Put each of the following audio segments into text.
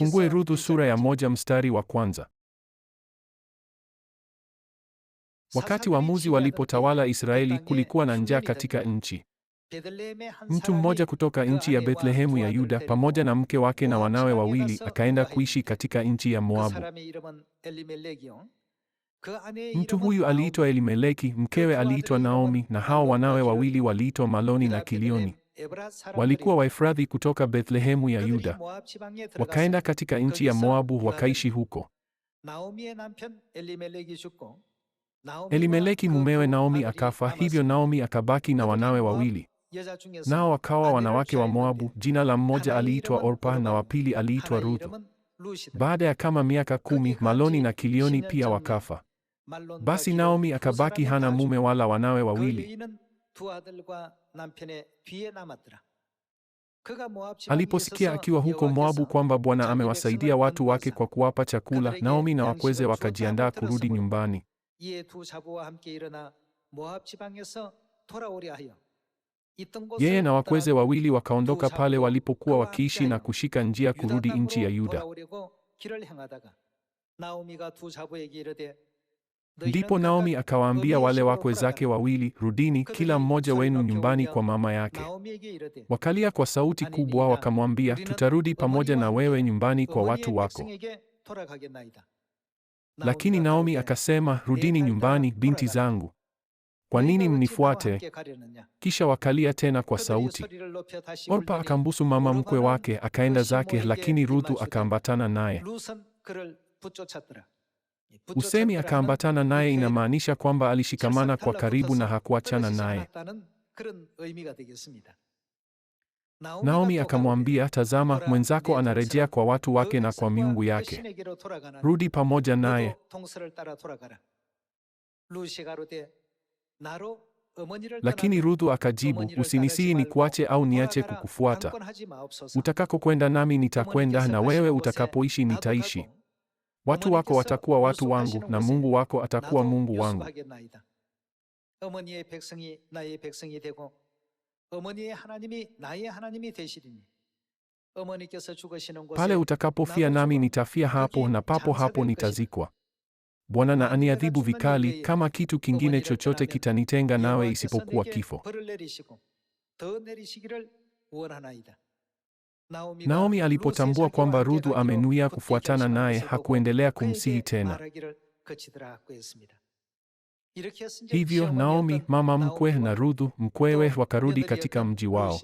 Tufungue Ruthu sura ya moja mstari wa kwanza. Wakati waamuzi walipotawala Israeli, kulikuwa na njaa katika nchi. Mtu mmoja kutoka nchi ya Bethlehemu ya Yuda pamoja na mke wake na wanawe wawili akaenda kuishi katika nchi ya Moabu. Mtu huyu aliitwa Elimeleki, mkewe aliitwa Naomi, na hao wanawe wawili waliitwa Maloni na Kilioni. Walikuwa waefradhi kutoka Bethlehemu ya Yuda, wakaenda katika nchi ya Moabu, wakaishi huko. Elimeleki mumewe Naomi akafa, hivyo Naomi akabaki na wanawe wawili, nao wakawa wanawake wa Moabu. Jina la mmoja aliitwa Orpa na wa pili aliitwa Ruth. Baada ya kama miaka kumi, Maloni na Kilioni pia wakafa. Basi Naomi akabaki hana mume wala wanawe wawili. Aliposikia akiwa huko Moabu kwamba Bwana amewasaidia watu wake kwa kuwapa chakula, Naomi na wakweze wakajiandaa kurudi nyumbani. Yeye na wakweze wawili wakaondoka pale walipokuwa wakiishi na kushika njia kurudi nchi ya Yuda. Ndipo Naomi akawaambia wale wakwe zake wawili, rudini kila mmoja wenu nyumbani kwa mama yake. Wakalia kwa sauti kubwa, wakamwambia, tutarudi pamoja na wewe nyumbani kwa watu wako. Lakini Naomi akasema, rudini nyumbani, binti zangu, kwa nini mnifuate? Kisha wakalia tena kwa sauti. Orpa akambusu mama mkwe wake akaenda zake, lakini Ruthu akaambatana naye. Usemi akaambatana naye inamaanisha kwamba alishikamana kwa karibu na hakuachana naye. Naomi akamwambia, tazama, mwenzako anarejea kwa watu wake na kwa miungu yake. Rudi pamoja naye. Lakini Ruthu akajibu, ni nikuache au niache kukufuata. Utakako kwenda nami nitakwenda, na wewe utakapoishi nitaishi. Watu wako watakuwa watu wangu na Mungu wako atakuwa Mungu wangu. Pale utakapofia nami nitafia hapo na papo hapo nitazikwa. Bwana na aniadhibu vikali kama kitu kingine chochote kitanitenga nawe isipokuwa kifo. Naomi alipotambua kwamba Ruthu amenuia kufuatana naye, hakuendelea kumsihi tena. Hivyo Naomi mama mkwe na Ruthu mkwewe wakarudi katika mji wao.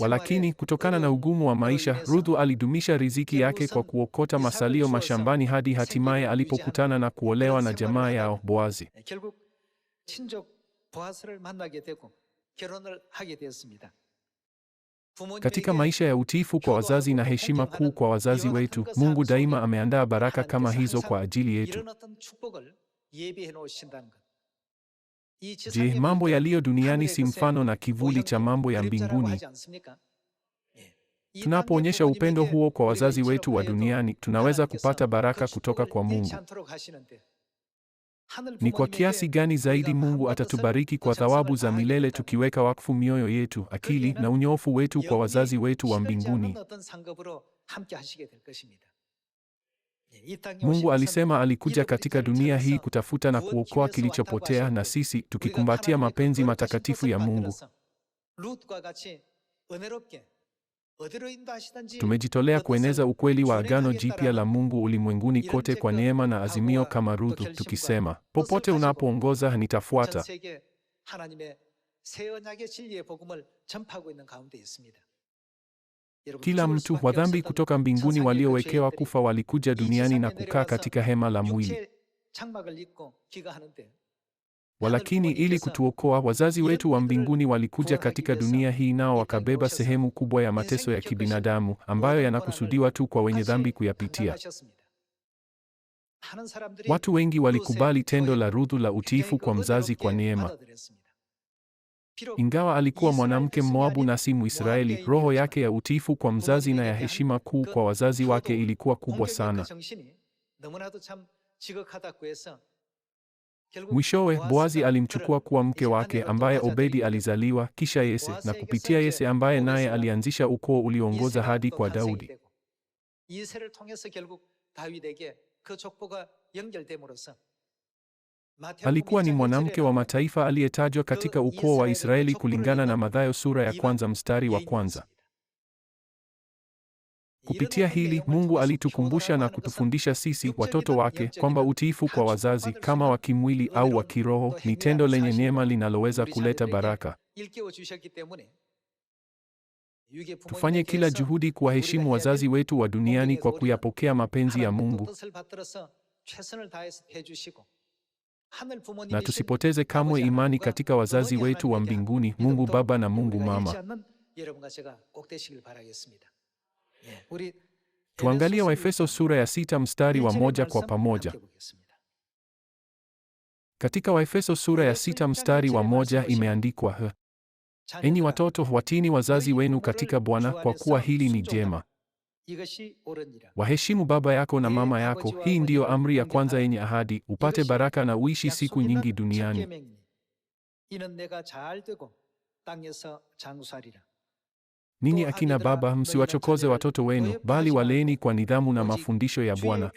Walakini, kutokana na ugumu wa maisha, Ruthu alidumisha riziki yake kwa kuokota masalio mashambani hadi hatimaye alipokutana na kuolewa na jamaa yao Boazi. Katika maisha ya utifu kwa wazazi na heshima kuu kwa wazazi wetu, Mungu daima ameandaa baraka kama hizo kwa ajili yetu. Je, mambo yaliyo duniani si mfano na kivuli cha mambo ya mbinguni? Tunapoonyesha upendo huo kwa wazazi wetu wa duniani, tunaweza kupata baraka kutoka kwa Mungu. Ni kwa kiasi gani zaidi Mungu atatubariki kwa thawabu za milele tukiweka wakfu mioyo yetu, akili na unyofu wetu kwa wazazi wetu wa mbinguni. Mungu alisema alikuja katika dunia hii kutafuta na kuokoa kilichopotea, na sisi tukikumbatia mapenzi matakatifu ya Mungu Tumejitolea kueneza ukweli wa agano jipya la Mungu ulimwenguni kote kwa neema na azimio kama Ruthu, tukisema, popote unapoongoza nitafuata. Kila mtu wa dhambi kutoka mbinguni waliowekewa kufa walikuja duniani na kukaa katika hema la mwili. Walakini ili kutuokoa, wazazi wetu wa mbinguni walikuja katika dunia hii, nao wakabeba sehemu kubwa ya mateso ya kibinadamu ambayo yanakusudiwa tu kwa wenye dhambi kuyapitia. Watu wengi walikubali tendo la Ruthu la utiifu kwa mzazi kwa neema. Ingawa alikuwa mwanamke moabu na si Mwisraeli, roho yake ya utiifu kwa mzazi na ya heshima kuu kwa wazazi wake ilikuwa kubwa sana. Mwishowe Boazi alimchukua kuwa mke wake ambaye Obedi alizaliwa kisha Yese na kupitia Yese ambaye naye alianzisha ukoo ulioongoza hadi kwa Daudi. Alikuwa ni mwanamke wa mataifa aliyetajwa katika ukoo wa Israeli kulingana na Mathayo sura ya kwanza mstari wa kwanza. Kupitia hili Mungu alitukumbusha na kutufundisha sisi watoto wake kwamba utiifu kwa wazazi, kama wa kimwili au wa kiroho, ni tendo lenye neema linaloweza kuleta baraka. Tufanye kila juhudi kuwaheshimu wazazi wetu wa duniani kwa kuyapokea mapenzi ya Mungu na tusipoteze kamwe imani katika wazazi wetu wa mbinguni, Mungu Baba na Mungu Mama. Tuangalie Waefeso sura ya sita mstari wa moja kwa pamoja. Katika Waefeso sura ya sita mstari wa moja imeandikwa, enyi watoto watini wazazi wenu katika Bwana, kwa kuwa hili ni jema. Waheshimu baba yako na ee, mama yako, hii ndiyo amri ya kwanza yenye ahadi, upate baraka na uishi siku nyingi duniani. Ninyi akina baba, msiwachokoze watoto wenu, bali waleeni kwa nidhamu na mafundisho ya Bwana.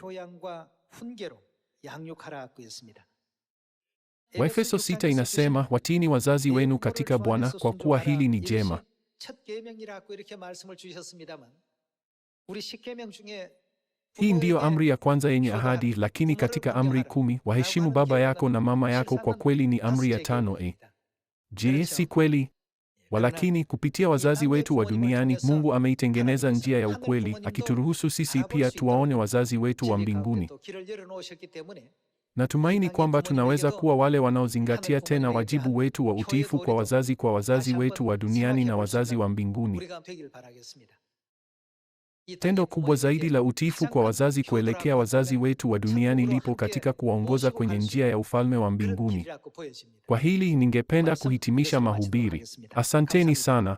Waefeso 6 inasema watini wazazi ee wenu katika Bwana, kwa kuwa hili ni jema. Hii ndiyo amri ya kwanza yenye ahadi, lakini katika amri kumi waheshimu baba yako na mama yako, kwa kweli ni amri ya tano. E, je, si kweli? Walakini kupitia wazazi wetu wa duniani, Mungu ameitengeneza njia ya ukweli, akituruhusu sisi pia tuwaone wazazi wetu wa mbinguni. Natumaini kwamba tunaweza kuwa wale wanaozingatia tena wajibu wetu wa utiifu kwa wazazi kwa wazazi wetu wa duniani na wazazi wa mbinguni. Tendo kubwa zaidi la utiifu kwa wazazi kuelekea wazazi wetu wa duniani lipo katika kuwaongoza kwenye njia ya ufalme wa mbinguni. Kwa hili ningependa kuhitimisha mahubiri. Asanteni sana.